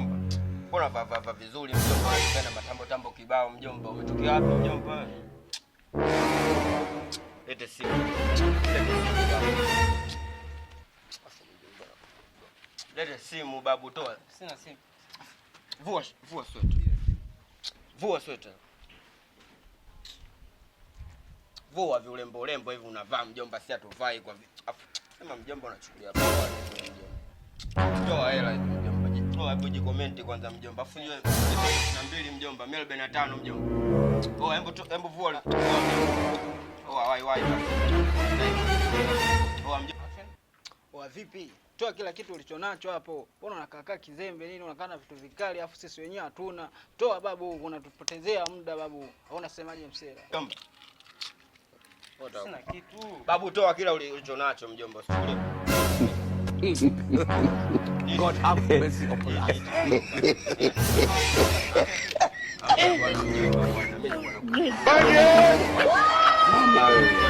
mjomba? Mbona vavava vizuri mjomba, tena matambo tambo kibao mjomba, umetokea wapi mjomba? Lete simu. Lete simu babu, toa. Sina simu. Vua, vua sweta. Vua sweta. Vua viulembo lembo hivi unavaa mjomba, si atuvai kwa vi. Sema mjomba unachukulia poa mjomba hebu jikomenti kwanza mjomba. Afu nyoe na mbili mjomba, mimi arobaini na tano mjomba. Oh, hebu hebu vua. Oh, wai wai. Oh, mjomba. Oh, vipi? Toa kila kitu ulichonacho hapo. Mbona unakaa kizembe nini? Unakaa na vitu vikali afu sisi wenyewe hatuna. Toa babu, unatupotezea muda babu. Haona semaje msela? Mjomba. Sina kitu. Babu, toa kila ulichonacho mjomba. Sio. God have mercy upon us. Bye,